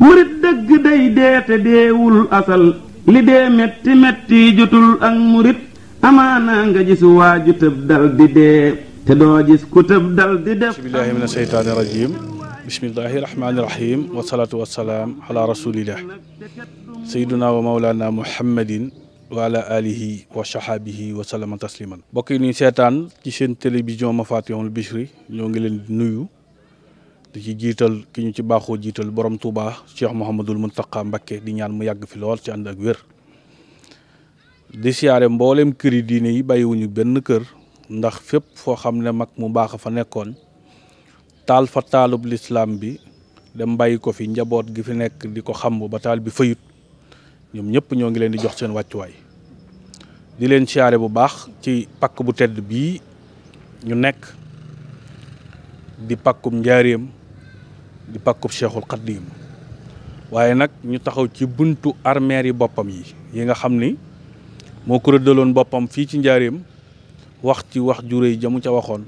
kulli dëgg day deete deewul asal li dee metti metti jotul ak murit amaana nga gis waaju tëb di dee te doo gis kutam dal di def bismillahi min asheytaani seetaan ci seen télévision Mafatihul Bichri ñoo ngi leen di nuyu di ci jiital ki ñu ci baaxoo jiital borom Touba Cheikh Mouhamadul Mountakha Mbacké di ñaan mu yàgg fi lool ci ànd ak wér di siyaare mboolem këri diine yi bàyyiwuñu benn kër ndax fépp foo xam ne mag mu baax a fa nekkoon taal fa taalub lislaam bi da bàyyi ko fi njaboot gi fi nekk di ko xam ba taal bi fayut ñoom ñëpp ñoo ngi leen di jox seen wàccuwaay di leen siyaare bu baax ci pakk bu tedd bii ñu nekk di pakkum njaareem di pakkub cheikhul xaddiim waaye nag ñu taxaw ci buntu armeer yi boppam yi yi nga xam ni moo ko rëddaloon boppam fii ci njaareem wax ci wax ju réy jamu ca waxoon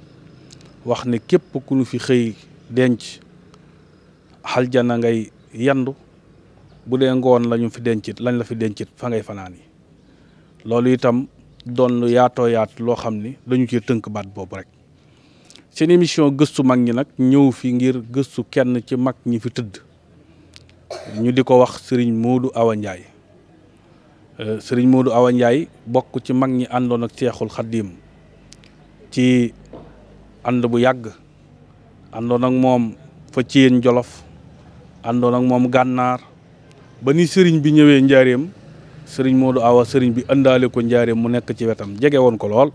wax ni képp ku nu fi xëy denc aljana ngay yandu bu dee ngoon lañu fi dencit lañ la fi dencit fa ngay fanaan yi loolu itam doon lu yaatoo yaat loo xam ni dañu ci tënk baat boobu rek seen émission gëstu mag ñi nag ñëw fi ngir gëstu kenn ci mag ñi fi tëdd ñu di ko wax sëriñ Modou Awa Ndiaye euh, sëriñ Modou Awa njaay bokk ci mag ñi àndoon ak Seexul Xaddiim ci ànd bu yàgg àndoon ak moom fa Thiène Jolof àndoon ak moom gannaar ba ni sëriñ bi ñëwee njaareem sëriñ Modou Awa sëriñ bi ëndaale ko njaareem mu nekk ci wetam jege woon ko lool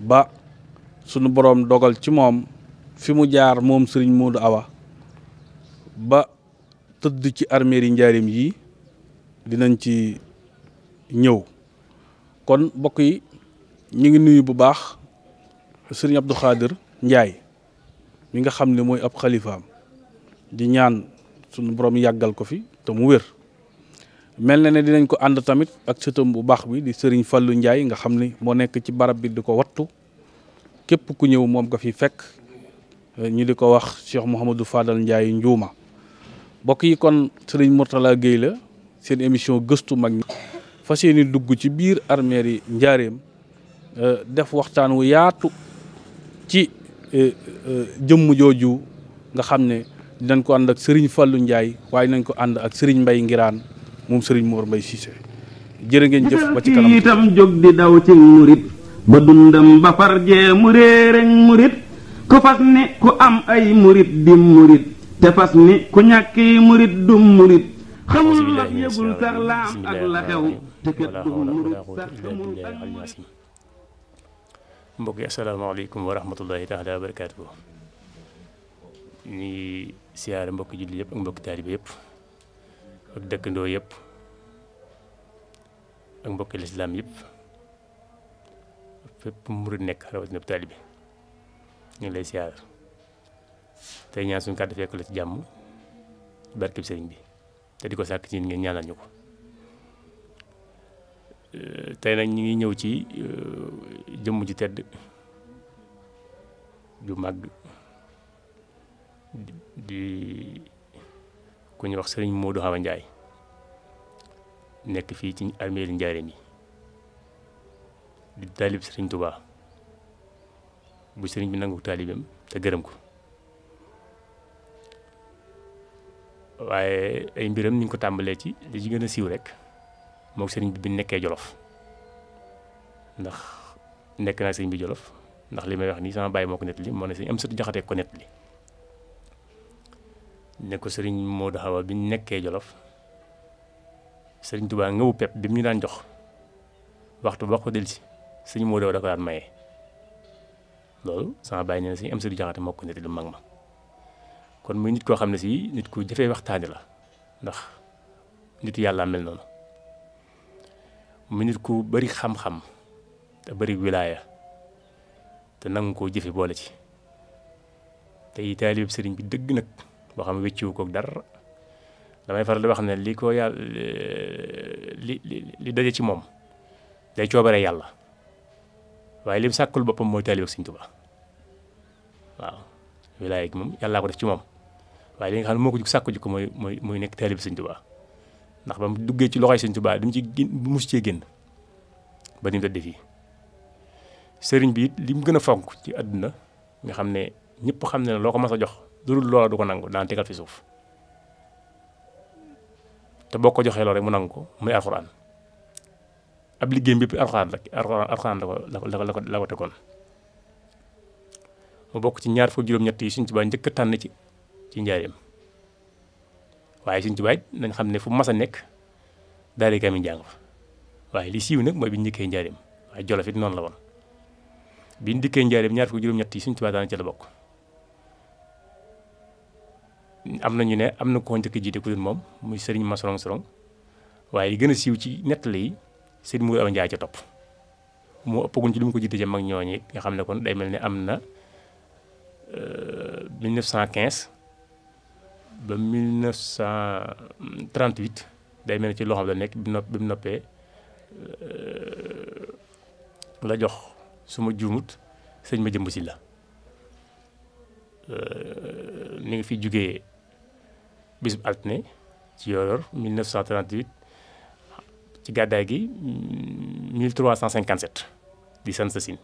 ba sunu boroom dogal ci moom fi mu jaar moom sëriñ Modou Awa ba tëdd ci arméeri njaareem yi dinañ ci ñëw kon mbokk ñu ngi nuyu bu baax sëriñ Abdou Khadir Ndiaye mi nga xam ne mooy ab xalifaam di ñaan sunu borom yàggal ko fi te mu wér mel na ne dinañ ko ànd tamit ak sëtam bu baax bi di sëriñ Fallou njaay nga xam ni moo nekk ci barab bi di ko wattu képp ku ñëw moom ko fi fekk ñi di ko wax Cheikh Mouhamadou Fadal Ndiaye Njuuma mbokk yi kon sëriñ Mourtala Guèye la seen émission gëstu mag ñi fas yéene dugg ci biir arméer yi njaareem Euh, def waxtaan wu yaatu ci euh, euh, jëmm jooju nga xam ne dinañ ko ànd ak Serigne Fallou njaay waaye nañ ko ànd ak Serigne mbay Ngiraan moom Serigne Mor Mbaye Cissé jërë ngeen jëf ba ci kanam itam jóg daw ci murit ba dundam ba farjee mu réereñ murit ku fas ni ku am ay murit di murit te fas ni ku ñàkk yi murit du murit xamul la yëgul sax mbokk yi asalaamaaleykum wa rahmatullahi taala wa barakaatu ñuy siyaare mbokki julli yëpp ak mbokki taalibe yëpp ak dëkkandoo yëpp ak mbokki lislaam yëpp fépp murid nekk rawatina taalibe ñu ngi lay siyaare tey ñaan suñ kàddu fekk la ci jàmm barkeb sëriñ bi te di ko sàkk ci ngeen ñaanal ñu ko Euh, tey nag ñu ngi ñëw ci euh, jëmm ji tedd ju màgg di ku ñuy wax sëriñ Modou Awa njaay nekk fii ci armeeli Njaaréem yi di taalib sëriñ Touba bu sëriñ bi nangu taalibeem te gërëm ko waaye ay mbiram ñu ngi ko tàmbalee ci li ci gën a siiw rek moo sëriñ bi bi nekkee jolof ndax nekk naa sëriñ bi jolof ndax li may wax nii sama bàyyi moo ko nett li moo ne sëriñ am sëtu jaxatee ko nett sëriñ Modou Awa bi nekkee jolof sëriñ tubaa ngëwu pep di mu ñu daan jox waxtu ba ko del si sëriñ Modou Awa da ko daan maye loolu sama bàyyi nee si am sëtu jaxate moo ko nett li mag ma kon muy nit koo xam ne si nit ku jafee waxtaani la ndax nit yàlla mel noonu mu nit ku bari xam-xam te bari wilaaya te nangu koo jëfe boole ci tey taalib sëriñ bi dëgg nag boo xam wécciwu kook dara damay faral di wax ne li ko yàlla li li ci moom day coobaree yàlla waaye li mu sàkkul boppam mooy taalib ak sëriñ Tuubaa waaw wilaaya moom yàllaa ko def ci moom waaye li nga xam ne moo ko jug sàkku ji ko mooy mooy mooy nekk taalib sëriñ Tuubaa ndax ba mu duggee ci loxoy sëñ Tuubaa di mu ci gén mus cee génn ba ni mu tëdd fii sëriñ bi it li mu gën a fonk ci àdduna nga xam ne ñëpp xam ne loo ko mas a jox lu dul loola du ko nangu daan tegal fi suuf te boo ko joxee loolu rek mu nangu ko muy alxuraan ab liggéeyam bépp alxuraan rek alxuraan la ko la ko tegoon mu bokk ci ñaar fukk juróom-ñett yi suñ ci baa njëkk tànn ci ci njaareem waaye Sëñ Tuubaa nañ xam ne fu mas a nekk daari kaamil jàng fa waaye li siiw nag mooy bi ñu njëkkee njaareem waaye Jolof noonu la woon bi ñu dikkee njaareem ñaar fukki juróom-ñett yi Sëñ Tuubaa daana ci la bokk am na ñu ne am na koo njëkk moom muy sëriñ ma sorong waaye gën a siiw ci nettali yi sëriñ Mourou Awa topp moo ëppaguñ ci li mu ko jiite ca mag nga xam ne kon day mel ni am na 1915 euh, ba 1938 day mel ci loxoom la nekk bi nopp bi mu noppee euh, la jox suma juumut sëñ ma jëmb si la mi ngi fi jugee bisub altine ci yoor 1938 ci gàddaay gi 1357 di san sa sin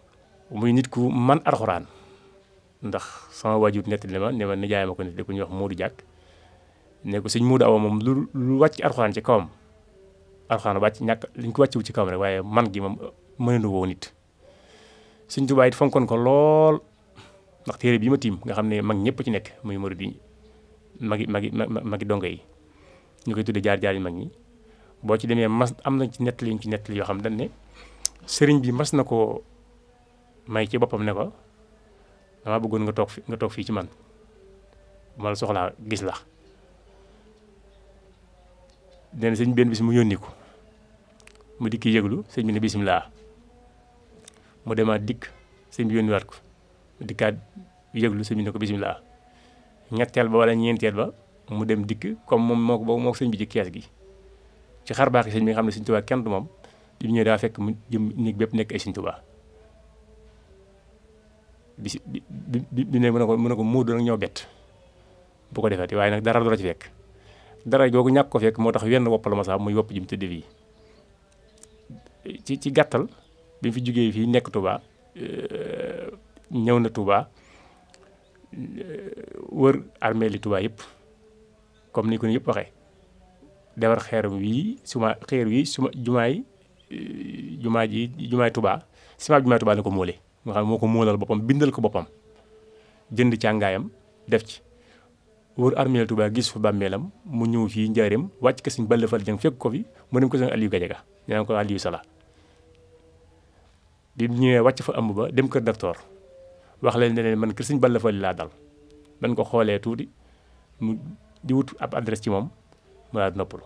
muy nit ku man alxuraan ndax sama waajur nettali ma ne ma nijaay ma ko nit di ku ñuy wax nekk suñ sëñ Muudu moom lu lu wàcc arxuraan ci kawam arxuraan wàcc ñàkk liñ ko wàccewu ci kawam rek waaye man gi moom mënenu woo nit sëñ Tuubaa it fonkoon ko lool ndax téere bii ma tiim nga xam ne mag ñëpp ci nekk muy murid yi magi magi magi dongo yi ñu koy tuddee jaar-jaar yi mag ñi boo ci demee mas am na ci nettali yuñ ci nettali yoo xam dañ ne sëriñ bi mas na ko may ci boppam ne ko dama bëggoon nga toog fi nga toog fii ci man ma la soxlaa gis la nee na sëñ benn bis mu yónni ko mu dikk yëglu sëñ bi ne bisimilah mu demaat dikk sëñ bi yónniwaat ko mu dikkaat yëglu sëñ bi ne ko bisimilah ñetteel ba wala ñeenteel ba mu dem dikk comme moom moo ko moo sëñ bi ci kees gi ci xar baax sëñ bi nga xam ne sëñ Tuubaa kenn du moom bi daa fekk mu jëm néeg bépp nekk ay sëñ Tuubaa bi mën na ko mën na ko muur doon ak ñoo bett boo ko defati waaye nag dara du la ci fekk. dara googu ñàkk ko fekk moo tax wenn wopp la ma saa muy wopp ji mu tëddee fii ci ci gàttal bi mu fi jógee fii nekk tubaa euh, ñëw na tubaa euh, wër armée li Touba yëpp comme ni ko ni yëpp waxee defar xeeram wii suma xeer wii suma jumaay euh, jumaa ji jumaay Touba suma jumaay Touba la ko móole nga moo ko móolal boppam bindal ko boppam jënd càngaayam def ci wër armeel Touba gis fa bàmmeelam mu ñëw fii njaareem wàcc ko sëñ Balla Fall Dieng fekk ko fi mu dem ko sëñ Aliou Gadiaga ñu naan ko Aliou Sala bi wàcc fa ëmb ba dem kër docteur wax leen ne man kër sëñ Balla Fall laa dal ban ko xoolee tuuti mu di wut ab adresse ci moom mu daal noppalu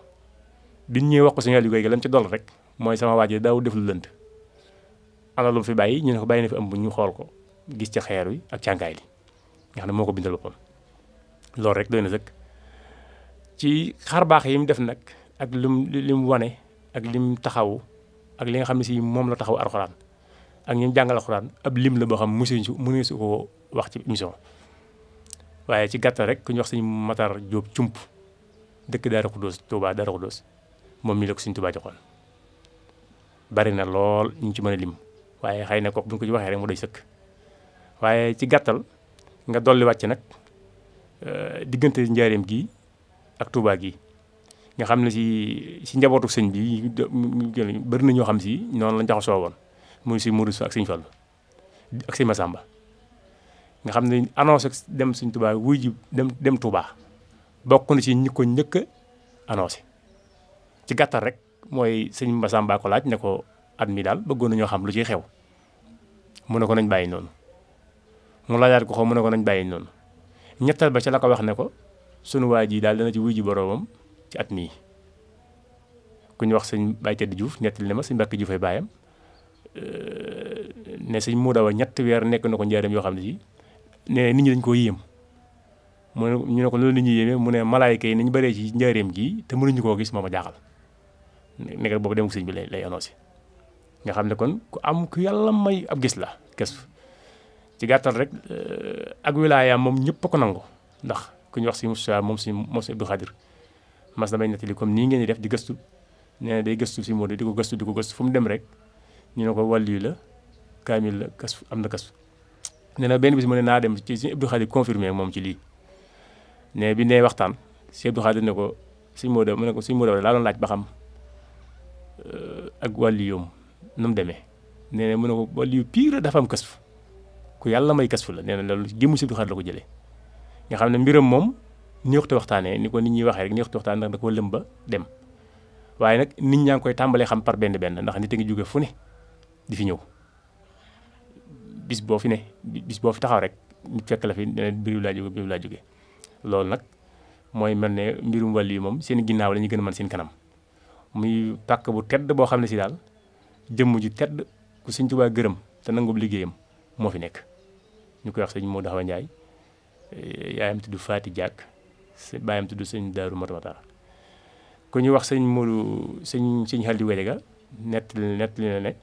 bi ñëwee wax ko sëñ Aliou Gadiaga lam ci dolli rek mooy sama waa ji daaw def lu lënd ana fi bàyyi ñu ne ko bàyyi na fi ëmb ñu xool ko gis ca xeer wi ak càngaay li nga xam ne moo ko bindal boppam loolu rek doy na sëkk ci xar baax yi mu def nag ak lim lim wane ak lim taxawu ak li nga xam ne si moom la taxaw alxuraan ak ñu mu jàngal alxuraan ab lim la boo xam mësuñ su mënee su ko wax ci émission waaye ci gàttal rek ku ñu wax suñu Matar Jóob cump dëkk Daaru Xuddoos Tuubaa Daaru Xuddoos moom mii la ko suñu Tuubaa joxoon bari na lool ñu ci mën a lim waaye xëy na ko bu ñu ko ci waxee rek mu doy sëkk waaye ci gàttal nga dolli wàcc nag Euh, diggante njaareem gi ak Touba gi nga xam ne si si njabootu sëñ bi bëri na ñoo xam si noonu la jaxasoo woon muy si Modou sëñ Fall ak sëñ Massamba nga xam ne annoncé dem sëñ Touba wuy ji dem dem Touba bokk na si ñi njëkk annoncé ci gàttal rek mooy sëñ Massamba ko at mi daal bëggoon nañoo xam lu ciy xew mu ne ko nañ bàyyi noonu mu laajaat ko xaw mu ne ko nañ bàyyi noonu. ñettal ba ca la ko wax ne ko sunu waa ji daal dana ci wuy ji boroomam ci at mii ku ñu wax sëñ Baye Tedd juuf nettali ne ma sëñ Mbàkke Diouf ay baayam euh, ne sëñ Muudaa wa ñetti weer nekk na ko njaaram yoo xam ne ci ne nit ñi dañ koo yéem mu ñu ne ko loolu nit ñi yéeme mu ne malaayka yi nañ baree ci njaareem gii te mënuñu koo gis moo ma jaaxal nekk boobu dem sëñ bi lay lay annoncé nga xam ne kon ku am ku yàlla may ab gis la kes ci gàttal rek euh, ak wilaayaam moom ñëpp ko nangu ndax ku ñu wax si Moussa moom si moom si Abdou Khadir mas damay nettali comme nii ngeen di def di gëstu nee na day gëstu si moo di ko di ko gëstu fu mu dem rek ñu ne ko wàllu la kaamil la këstu am na kas nee na benn bis mu ne naa dem ci si Abdou moom ci lii ne bi nee waxtaan si Abdou Khadir ko suñ Modou mu ne ko suñ Modou laa doon laaj ba xam euh, ak wàllu nu mu demee nee na mu ne ko wàllu yu dafa am kas ku yàlla may kas fu la nee na loolu si Sibdu Xaadir la ko jëlee nga xam ne mbiram moom ni waxtu waxtaanee ni ko nit ñuy waxee rek ni waxtu da ko lëm ba dem waaye nag nit ñaa ngi koy tàmbalee xam par benn benn ndax nit ngi jóge fu ne di fi ñëw bis boo fi ne bis boo fi taxaw rek nit fekk la fi ne biir laa jóge loolu nag mooy mel ne mbirum wàll yi moom seen ginnaaw la ñu gën a man seen kanam muy pàkk bu tedd boo xam ne si daal jëmm ji tedd ku Sëñ Tuubaa gërëm te nangub liggéeyam moo fi nekk ñu koy wax sëñ Modou Awa Ndiaye yaayam tudd Faati Diak baayam tudd sëñ Daaru Matamata ku ñu wax sëñ Modou sëñ sëñ Xaldi Wédega nett nett li na ne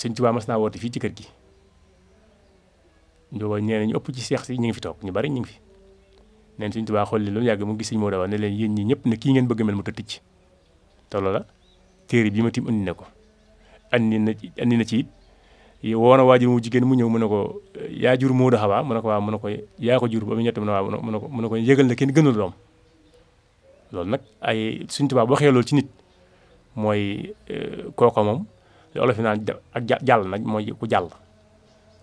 sëñ Tuubaa mas naa woote fii ci kër gi ñoo nee na ñu ëpp ci seex si ñu ngi fi toog ñu bari ñu ngi fi neen sëñ Tuubaa xool leen loolu yàgg mu ngi sëñ Modou Awa ne leen yéen ñi ñëpp ne kii ngeen bëgg mel mu tëdd ci te loola téere bi ma tim andi na ko andi na ci ci it woo na waajur mu jigéen mu ñëw mu ne ko yaa jur Moodu Xawa mu ne ko waaw mu ne ko yaa ko jur ba mu ñett mu ne waaw mu ne ko mu ne ko yëgal na kenn gënul loolu nag ay suñ tubaab ci nit mooy eh, kooko moom li olof naan ak jàll nag mooy ku jàll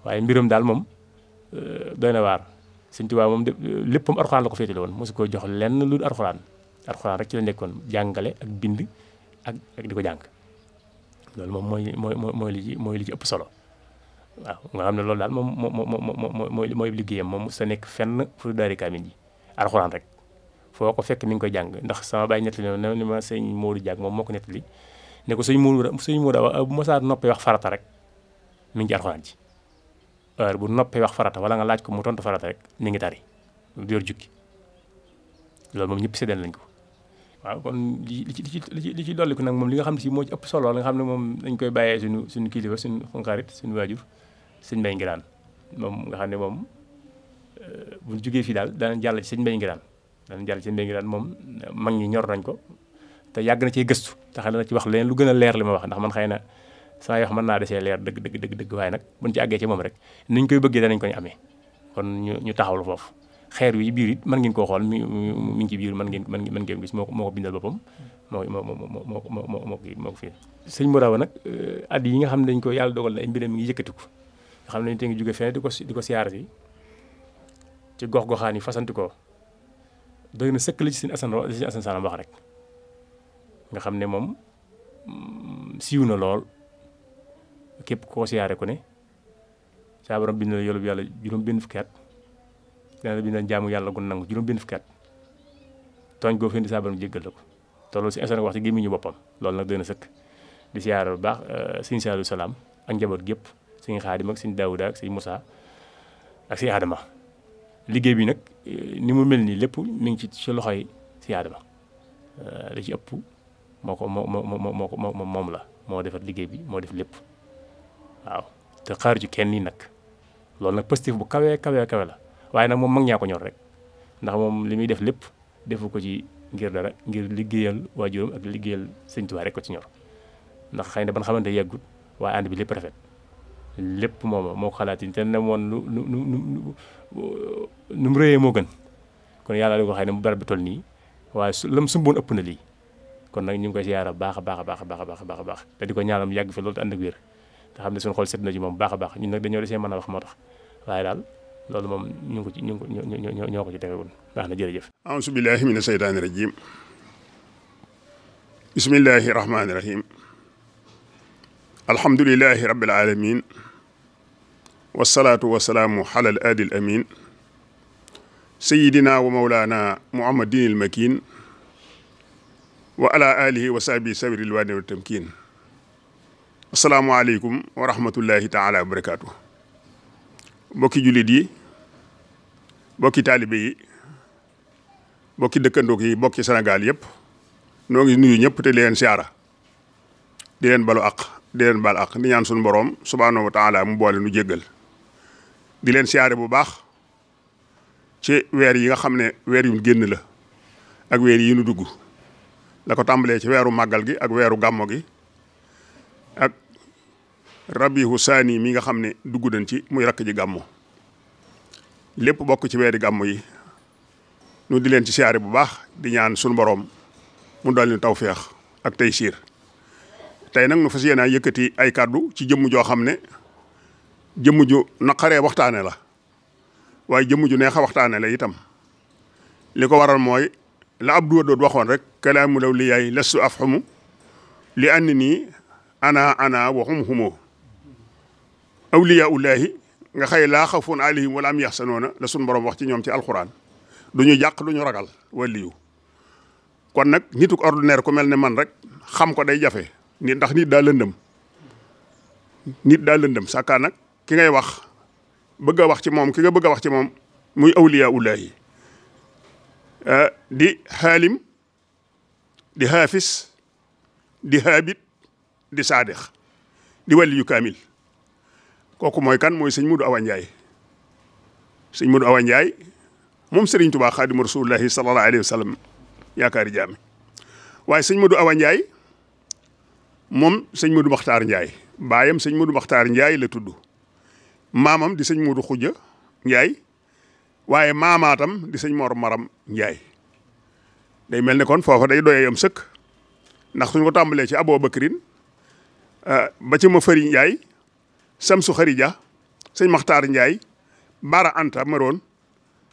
waaye mbiram daal moom eh, doy na waar suñ tubaab moom léppam arxuraan la ko féetale woon mosu ko lenn lu arxuraan arxuraan rek ci la nekkoon jàngale ak bind ak ak di loolu moom mooy mooy mooy li ci ëpp solo waaw nga xam ne loolu daal moom moo moo moo mooy mooy liggéeyam moom sa nekk fenn fu daari kaamil ji alxuraan rek foo ko fekk mi ngi koy jàng ndax sama bàyyi nettali ne ni ma sëñ Modou Diak moom moo ko nettali ne ko sëñ Modou sëñ Modou bu ma saa noppee wax farata rek mi ngi ci alxuraan ji heure bu noppee wax farata wala nga laaj ko mu tontu farata rek mi ngi tari yor jukki loolu moom ñëpp séddale nañ ko. waaw kon li li ci li ci li ci dolli ko nag moom li nga xam ne si moo ci ëpp solo la nga xam ne moom dañ koy bàyyee suñu suñu kilifa suñu xonqarit suñu waajur sëñ Mbay Ngiraan moom nga xam ne moom euh, bu jugee fii daal danañ jàll ci sëñ Mbay Ngiraan daan jàll ci sëñ Mbay moom mag ñi ñor nañ ko te yàgg na cee gëstu te xam na ci wax leneen lu gën a leer li ma wax ndax man xëy na saa yoo naa desee leer dëgg dëgg dëgg dëgg waaye nag buñ ci àggee ci moom rek niñ koy bëggee danañ ko ñu amee kon ñu ñu taxawlu foofu xeer wi biir it mën ngeen koo xool mi mi ci biir mën ngeen mën ngeen gis moo ko moo ko bindal boppam moo moo moo moo moo ko fii sëñ Mourao euh, yi nga xam ne dañ ko yàlla dogal na ay mbiram mi ngi yëkkatiku nga xam ne nit ngi jóge feneen di ko ko siyaar si ci gox goxaan yi fasanti ko doy na sëkk rek nga xam ne moom mm, siiw na lool képp koo siyaare ko ne saa borom bind la yolub yàlla juróom benn fukki at dana la yàlla gu nangu juróom benn fukki at tooñ goo fendi saa borom jéggal ko te loolu si asan wax ci gémmiñu boppam loolu nag doy na sëkk di siyaare bu baax euh, sëñ Saliou salaam ak njaboot gépp sëñ Xaadim ak sëñ Daawuda ak sëñ Moussa ak sëñ Adama liggéey bi nag ni mu mel nii lépp mi ngi ci ci loxo yi sëñ Adama li ci ëpp moo ko moo moo moo moo moom la moo defar liggéey bi moo def lépp waaw te xaar ci kenn nii nag loolu nag positif bu kawee kawee kawe la waaye nag moom mag ñaa ko ñor rek ndax moom li muy def lépp defu ko ci ngir dara ngir liggéeyal waajuram ak liggéeyal sëñ Tuubaa rek ko ci ñor ndax xëy na ban xamante yàggut waaye ànd bi lépp rafet lépp mooma moo ko xalaat yi te ne woon lu lu lu nu mu rëyee moo gën kon yàlla li ko xëy ne mu barab bi toll nii waaye su lam sumboon ëpp na lii kon nag ñu ngi koy siyaara baax a baax a baax a baax a baax te di ko ñaanal mu yàgg fi loolu te ànd ak wér te xam ne suñu xol set na ci moom baax a baax ñun nag dañoo desee mën a wax moo tax waaye daal loolu moom ñu ngi ko ci ñu ngi ko ñoo ko ci tegewul baax na jërëjëf aousu billahi mina seytaani rajim bismillahi rahmaani rahim alhamdulilahi rabbil alamin wasalaatu wasalaamu ala al aadi al amin sayidina wa mawlaana muhammadin al makin wa ala alihi wa sahbi sabiril waadi wa tamkin asalaamu aleykum wa rahmatullahi taala wa barakaatu bokki jullit yi bokki taalibe yi bokki dëkkandook yi bokki Sénégal yëpp noo ngi nuyu ñëpp te leen siyaara di leen balu aq di leen ñaan suñu boroom subhaanahu wa taala mu boole nu jéggal di leen siyaare bu baax ci weer yi nga xam ne weer yu génn la ak weer yi nu dugg la ko tàmbalee ci weeru màggal gi ak weeru gàmmo gi ak rabihu saani mi nga xam ne dugg nañ ci muy rakk ji gàmmo lépp bokk ci weeri gàmmo yi nu di leen ci siyaare bu baax di ñaan sunu boroom mu dal taw tawféex ak tey siir tey nag nu fas yéenaa yëkkati ay kàddu ci jëmm joo xam ne jëmm ju naqaree waxtaane la waaye jëmm ju neex a waxtaane la itam li ko waral mooy la Abdou Wadoud waxoon rek kalaamu law li yaay lestu af xumu li ànd nii ana ana waxum xumoo awliyaa ullaahi nga xëy laa xawfun alihim wala am yaxsanoona noona sun borom wax ci ñoom ci alxuraan du ñu jàq du ñu ragal waliyu kon nag nituk ordinaire ku mel ni man rek xam ko day jafe nit ndax nit daa lëndëm nit daa lëndëm sàkkaa ki ngay wax bëgg a wax ci moom ki nga bëgg wax ci moom muy awliyaa ullaahi eh, di xaalim di xaafis di xaabit di saadix di wàlli yu kaamil kooku mooy kan mooy sëñ Mudu Awa Njaay sëñ Mudu Awa Njaay moom sëriñ Tubaa xaadimu rasulillahi sallallahu alayhi wa sallam yaakaari jaami waaye sëñ Mudu Awa Njaay moom sëñ Mudu Maxtaar Njaay baayam sëñ Mudu Maxtaar Njaay la tudd maamam di sëñ Modou Khoudia Ndiaye waaye maamaatam di sëñ Mor Maram Ndiaye day mel ni kon foofa day doyee am sëkk ndax suñ ko tàmbalee ci Aboo Bakrin euh, ba ci fëri Ndiaye Samsu Xarija sëñ Maxtaar Ndiaye Bara Anta Maroon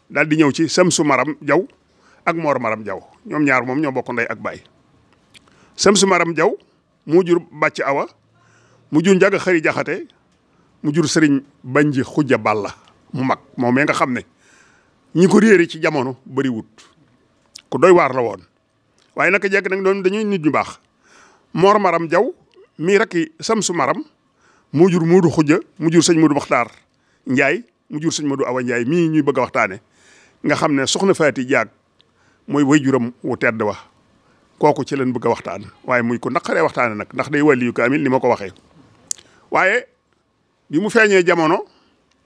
daal di ñëw ci Samsu Maram Jaw ak Mor Maram Jaw ñoom ñaar moom ñoo bokk ndey ak baay Samsu Maram Jaw mu jur bàcc awa mu jur njaga xëri jaxate mu jur sëriñ Banji Xuja Balla mu mag moom nga xam ne ñi ko réere ci jamono bëri wut ku doy waar la woon waaye naka jekk nag doon dañuy nit ñu baax Mor Maram Jaw mii rakki Samsu Maram mu jur Muudu Xuja mu jur sëñ Muudu Maxtaar Njaay mu jur sëñ Moodu Awa Njaay mii ñuy bëgg a waxtaane nga xam ne soxna Faati Jaag mooy waajuram wu tedd wa kooku ci leen bëgg a waxtaan waaye muy ko naqaree waxtaane nag ndax day wàlliyu kaamil ni ma ko waxee bi mu feeñee jamono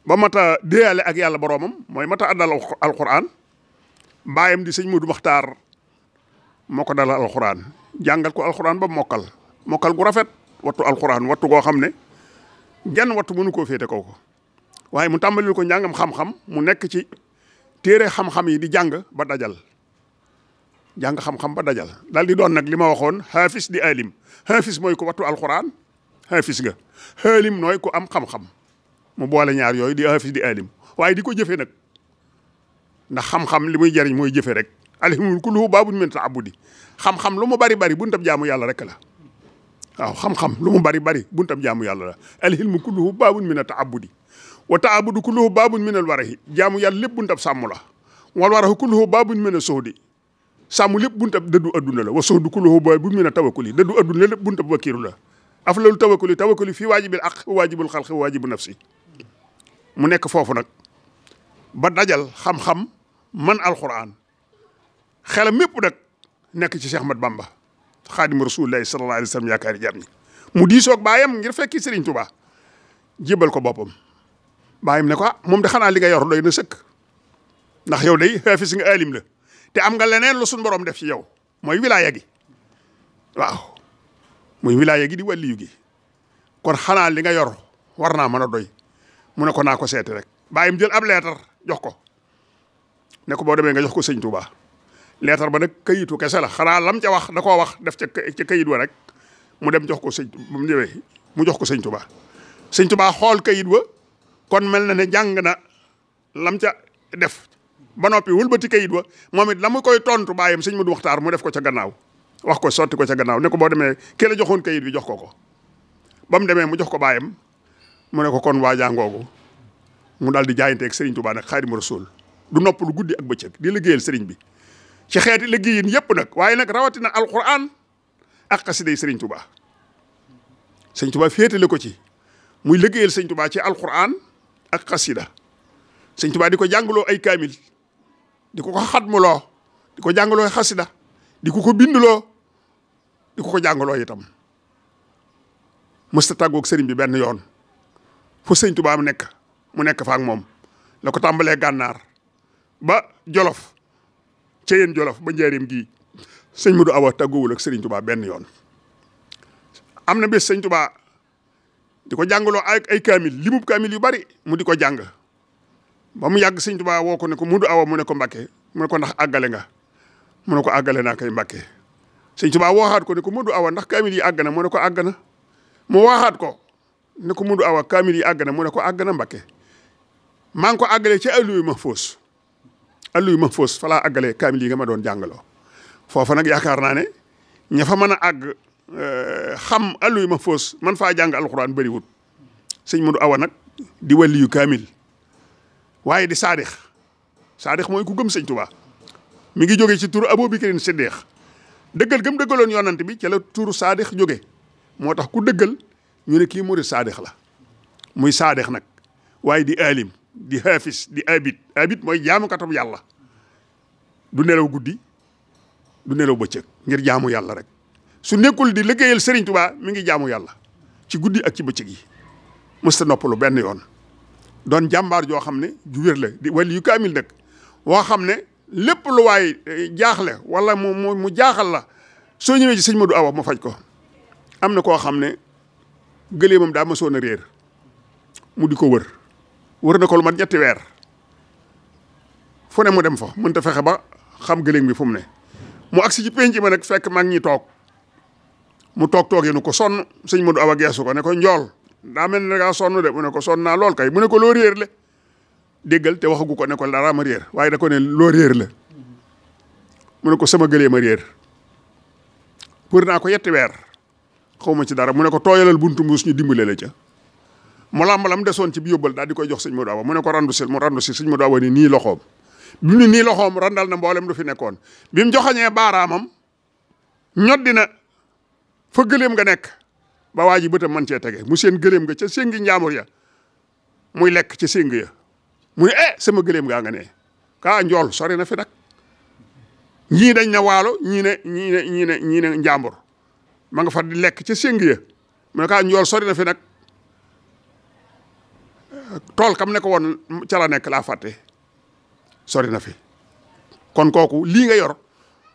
ba mat a déeyale ak yàlla boroomam mooy mat a àddal alquran mbaayam di sëñ Modou Maxtaar moo ko dalal alquran jàngal ko alquran ba mokkal mokkal gu rafet wattu alquran wattu goo xam ne genn wattu mënu koo féete kaw ko waaye mu tàmbalil ko njàngam xam-xam mu nekk ci téere xam-xam yi di jàng ba dajal jàng xam-xam ba dajal daal di doon nag li ma waxoon haafis di alim haafis mooy ko wattu alquran xaafis nga xaalim nooy ku am xam-xam mu boole ñaar yooyu di xaafis di alim waaye di ko jëfe nag ndax xam-xam li muy jariñ mooy jëfe rek alhimul kulluhu baabun min ta'abbudi xam-xam lu mu bari bari buntab jaamu yàlla rek la waaw lu mu bari bari buntab jaamu yàlla la alhilmu kulluhu baabun min ta'abbudi wa ta'abbudu kulluhu baabun min alwarahi jaamu yàlla lépp buntab sàmm la wal warahu kulluhu baabun min asuhdi sàmm lépp buntab dëddu adduna la wa suhdu kulluhu baabun min tawakkuli dëddu adduna lépp buntab wakiiru la aflalu tawakkuli tawakkuli fii waajibil aq waajibul xalqi waajibu nafsi mu nekk foofu nag ba dajal xam-xam man alquran xelam mépp nag nekk ci seex mat Bamba xaadimu rasulillahi sallallahu alayhi wa sallam yaakaari jàmm ñi mu diisoog baayam ngir fekki Serigne Touba jibal ko boppam baayam ne ko ah moom de xanaa li nga yor doy na sëkk ndax yow day xaafis nga alim la te am nga leneen lu suñ borom def ci yow mooy wilaaya gi muy wilaaya gi di wàlliyu gi kon xanaa li nga yor war naa mën a doy mu ne ko naa ko seeti rek bàyyim jël ab leetar jox ko ne ko boo demee nga jox ko sëñ Touba leetar ba nag kayitu kese la xanaa lam ca wax da koo wax def ca ca kayit wa rek mu dem jox ko sëñ ba mu ñëwee mu jox ko sëñ Touba sëñ xool kayit wa kon mel na ne jàng na lam ca def ba noppi wëlbati kayit wa moom it la mu koy tontu bàyyam sëñ Modou Waxtaar mu def ko ca gannaaw wax ko sotti ko ca gannaaw ne ko boo demee kii la joxoon kayit bi jox ko ko ba mu demee mu jox ko baayam mu ne ko kon waa ngoogu mu daal di jaayanteeg Serigne Touba nag Xaadimu Rasuul du nopp lu guddi ak bëccëg di liggéeyal Serigne bi ci xeeti liggéeyin yëpp nag waaye nag rawatina alquran ak xasiday Serigne Touba. Serigne Touba féetale ko ci muy liggéeyal Serigne Touba ci alquran ak xasida Serigne Touba di ko jàngaloo ay kaamil di ko ko xatmuloo di ko jàngaloo xasida di ko ko bindloo di ko ko jàngaloo itam mësta tàggoog sëriñ bi benn yoon fu sëñ mu nekk mu nekk fa ak moom la ko tàmbalee gànnaar ba jolof ca jolof ba njaarim gi sëñ Mudu Awa tàggoowul ak sëriñ Tuubaa benn yoon am na be sëñ Tuubaa di ko jàngaloo ay ay kaamil limub kaamil yu bari mu di ko jàng ba mu yàgg sëñ Tuubaa woo ko ne ko Mudu Awa mu ne ko Mbàkke mu ne ko ndax àggale nga mu ne ko àggale naa koy mbàkke sëñ Tuubaa woxaat ko ne ko Modou Awa ndax kaamil yi àgg na mu ne ko àgg na waxaat ko ne ko Modou Awa kaamil yi àgg na mu ne ko àgg na mbàkke maa ngi ko àggalee ci alluy ma foos alluy ma foos falaa àggalee kaamil yi nga ma doon jàngaloo foofa nag yaakaar naa ne ña fa mën a àgg euh, xam alluy ma foos man faa jàng alxuraan bëriwut sëñ Modou Awa nag di waliyu kaamil waaye di saadix saadix mooy ku gëm sëñ Tuubaa mi ngi jóge ci turu Abubakrin Siddiq dëggal gëm dëggaloon yonante bi ci la turu Saadix jóge moo tax ku dëggal ñu ne kii murid Saadix la muy Saadix nag waaye di alim di haafis di abid abid mooy jaamukatam yàlla du nelaw guddi du nelaw bëccëg ngir jaamu yàlla rek su nekkul di liggéeyal Serigne Touba mi ngi jaamu yàlla ci guddi ak ci bëccëg yi mësta noppalu benn yoon doon jàmbaar joo xam ne ju la di wali kaamil nag woo xam ne lépp lu waay eh, jaaxle wala mu mu mu jaaxal la soo ñëwee ci sëñ Modou Awa ma faj ko am na koo xam ne gëlee moom daa ma soon a mu di ko wër wër na ko lu mat ñetti weer fu ne mu dem fa mënta fexe ba xam gëléem bi fu mu ne mu agsi ci penc ma nag fekk mag ñi toog mu toog toog nu ko sonn sëñ Modou Awa geesu ko ne ko njool daa mel ne dangaa sonn de mu ne ko sonn naa lool kay mu ne ko loo réer le déggal te waxagu ko nekkoon dara ma réer waaye da ko loo réer la mu ne ko sama gëlee ma réer pour naa ko yetti weer xaw ma ci dara mu ne ko tooyalal buntu mbuus ñu dimbale la ca mu lambalam desoon ci bi yóbbal daal di koy jox sëñ Modou Awa mu ne ko randu mu randu si sëñ Modou Awa ni nii loxoom bi mu ni nii loxoom randal na mboolem lu fi nekkoon bi mu joxañee baaraamam ñoddi na fa gëléem nga nekk ba waa ji bëtam man cee tege mu seen gëléem nga ca séngi njaamur ya muy lekk ca séng ya mu ne eh sama gëléem gaa nga ne kaa njool sori na fi nag ñii dañ ne waalo ñii ne ñii ne ñii ne ñii ne njàmbur ma nga fa di lekk ca séng ya mu ne kaa ah, njool sori na fi nag tool kam ne ko woon ca nekk laa fàtte sori na fi kon kooku lii nga yor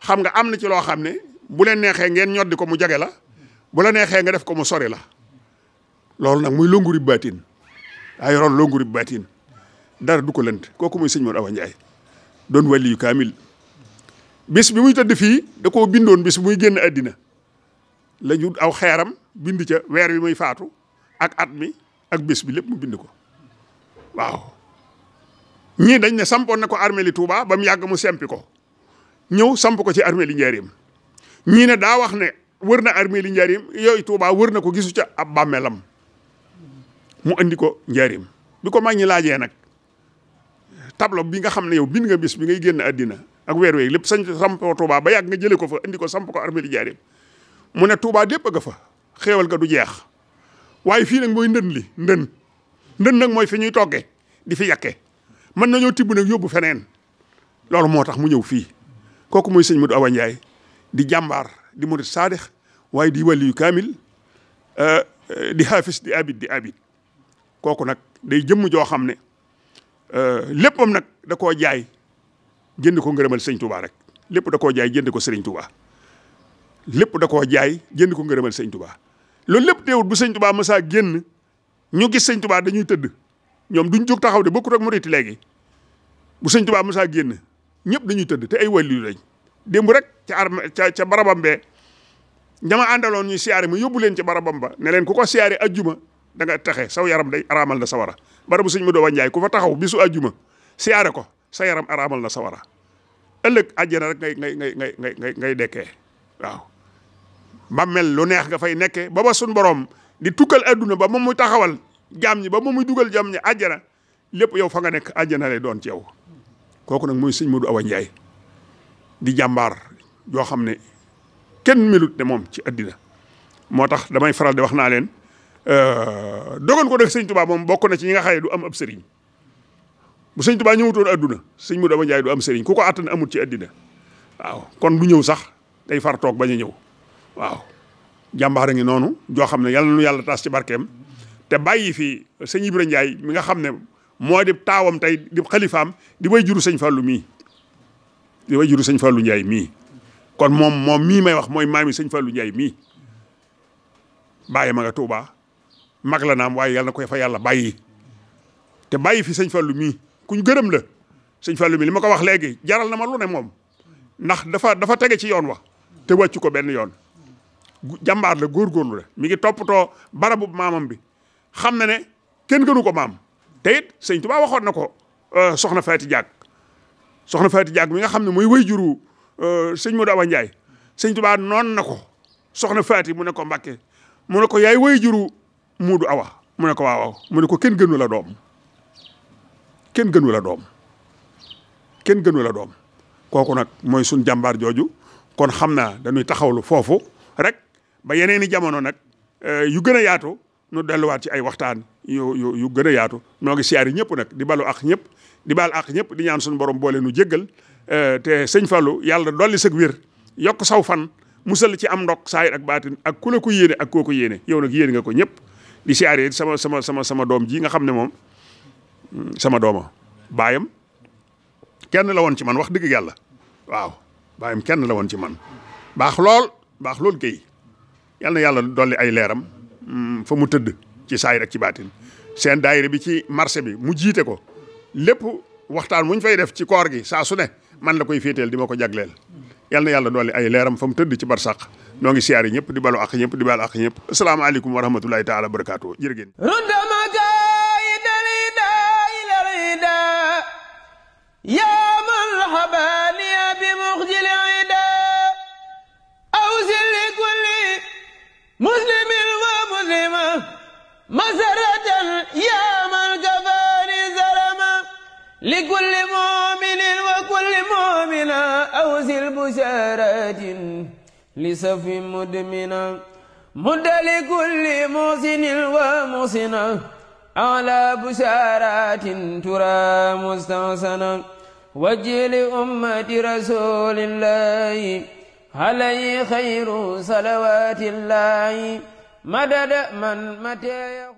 xam nga am na ci loo xam ne bu leen neexee ngeen ñoddi ko mu jage la bu la neexee nga def ko mu sori la loolu nag muy longuri baatin daa yoroon longuri baatin dara du ko lënt kooku mooy sëñ Mor Awa Ndiaye doon wàlli yu kaamil bis muy tëdd fii da koo bindoon bis muy génn addina la ñu aw xeeram bind ca weer wi muy faatu ak atmi ak bis bi lépp mu bind ko waaw ñii dañ ne sampoon na ko armeli Touba ba mu yàgg mu sempi ko ñëw samp ko ci armeli Njaaréem ñii ne daa wax ne wër na armeli Njaaréem yooyu tuuba wër na ko gisu ca ab bàmmeelam mu andi ko Njaaréem bi ko mag ñi laajee nag tableau bi nga xam ne yow bind nga bis bi ngay génn àddina ak weer weeg lépp sañ sampo Touba ba yàgg nga jëlee ko fa indi ko samp ko armée di mu ne Touba lépp a nga fa xéewal ga du jeex waaye fii nag mooy ndën li ndën ndën nag mooy fi ñuy togge di fi yàkke mën nañoo tibb nag yóbbu feneen loolu moo tax mu ñëw fii kooku mooy sëñ Modou Awa Ndiaye di jàmbaar di murid saadix waaye di waliyu kaamil euh, euh, di xaafis di abid di abid kooku nag day jëmm joo xam ne lépp euh, léppam nag da koo jaay jënd ko ngërëmal sëñ Touba rek lépp da koo jaay jënd ko sëriñ Touba lépp da koo jaay jënd ko ngërëmal sëñ Touba loolu lépp teewut bu sëñ Touba masaa génn ñu gis sëñ Touba dañuy tëdd ñoom duñ jóg taxaw de bokkut ak murit léegi bu sëñ Touba masaa génn ñëpp dañuy tëdd te ay wàllu lañ démb rek ca arme ca ca barabam bee ñama àndaloon ñuy siyaare mu yóbbu leen ca barabam ba ne leen ku ko siyaare ajjuma da nga texe saw yaram day araamal na sawara barabu sëñ mu dooba njaay ku fa taxaw bi bisu àjjuma siyaare ko sa yaram araamal na sawara ëllëg àjjana rek ngay ngay ngay ngay ngay ngay ngay dekkee waaw ba mel lu neex nga fay nekke ba ba suñ di tukkal adduna ba moom muy taxawal jaam ñi ba mu muy dugal jaam ñi àjjana lépp yow fa nga nekk àjjana lay doon ci yow kooku nag mooy sëñ Modou Awa Ndiaye di jàmbaar yoo xam ne kenn melut ne moom ci àddina moo tax damay faral di wax naa leen Euh, dogal ko de sëñ Tuubaa moom bokk na ci ñi nga xaye du am ab sëriñ bu sëñ Tuubaa ñëwutoon adduna sëñ mu dama jaay du am sëriñ ku ko attan amut ci addina waaw kon du ñëw sax day far toog bañ ñëw waaw jàmbaar a ngi noonu joo xam ne yàlla nu yàlla taas ci barkeem te bàyyi fi sëñ Ibra Njaay mi nga xam ne moo di taawam tey di xalifaam di way juru sëñ Fallou mii di way juru sëñ Fallou Njaay mii kon moom moom mii may wax mooy maami sëñ Fallou Njaay mii bàyyi ma nga mag la naam waaye yàlla na koy fa yàlla bàyyi te bàyyi fi sëñ Fallou mii kuñ gërëm la sëñ Fallou mii li ma ko wax léegi jaral na ma lu ne moom ndax dafa dafa tege ci yoon wa te wàccu ko benn yoon jàmbaar la góorgóorlu la mi ngi toppatoo barabu maamam bi xam na ne kenn gënu ko maam te it sëñ Tuubaa waxoon na ko euh, soxna Faati Jaag soxna Faati Jaag mi nga xam ne mooy way juru euh, sëñ Modou Awa Ndiaye sëñ Tuubaa noon na ko soxna Faati mu ne ko Mbàkke mu ne ko muudu awa mu ne ko waaw mu ne ko kenn gënu la doom kenn gënu la doom kenn gënu la doom kooku nag mooy suñ jàmbaar jooju kon xam naa dañuy taxawlu foofu rek ba yeneen i jamono nag eh, yu gën a yaatu nu delluwaat ci ay waxtaan yu yu yu gën a yaatu noo ngi siyaari ñëpp nag di balu ak ñëpp di baal ak ñëpp di ñaan suñu borom boole nu jéggal eh, te sëñ falu yàlla dolli sëg wér yokk saw fan musal ci am ndok saayir ak baatin ak ku la ko yéene ak kooku yéene yow nag yéene nga ko ñëpp di siyaare sama sama sama sama doom ji nga xam ne moom sama dooma baayam kenn la woon ci man wax digg yàlla waaw baayam kenn la woon ci man baax lool baax lool kay yàlla na yàlla dolli ay leeram mm, fa mu tëdd ci saay rek ci baatin seen daayira bi ci marché bi mu jiite ko lépp waxtaan wuñ fay def ci koor gi saa su ne man la koy féeteel di ma ko jagleel yal yàlla doole ay leeram fa mu tëdd ci barsàq noo ngi siyaar yi ñëpp di balu ak ñëpp di balu ak ñëpp asalaamaaleykum wa rahmatulahi taala wa barakaatu jërë ngeen rundamagay dali day lal da بشارة لسف مدمنا مد لكل موسن وموسنا على بشارات ترى مستحسنا وجه لأمة رسول الله عليه خير صلوات الله مدد من متى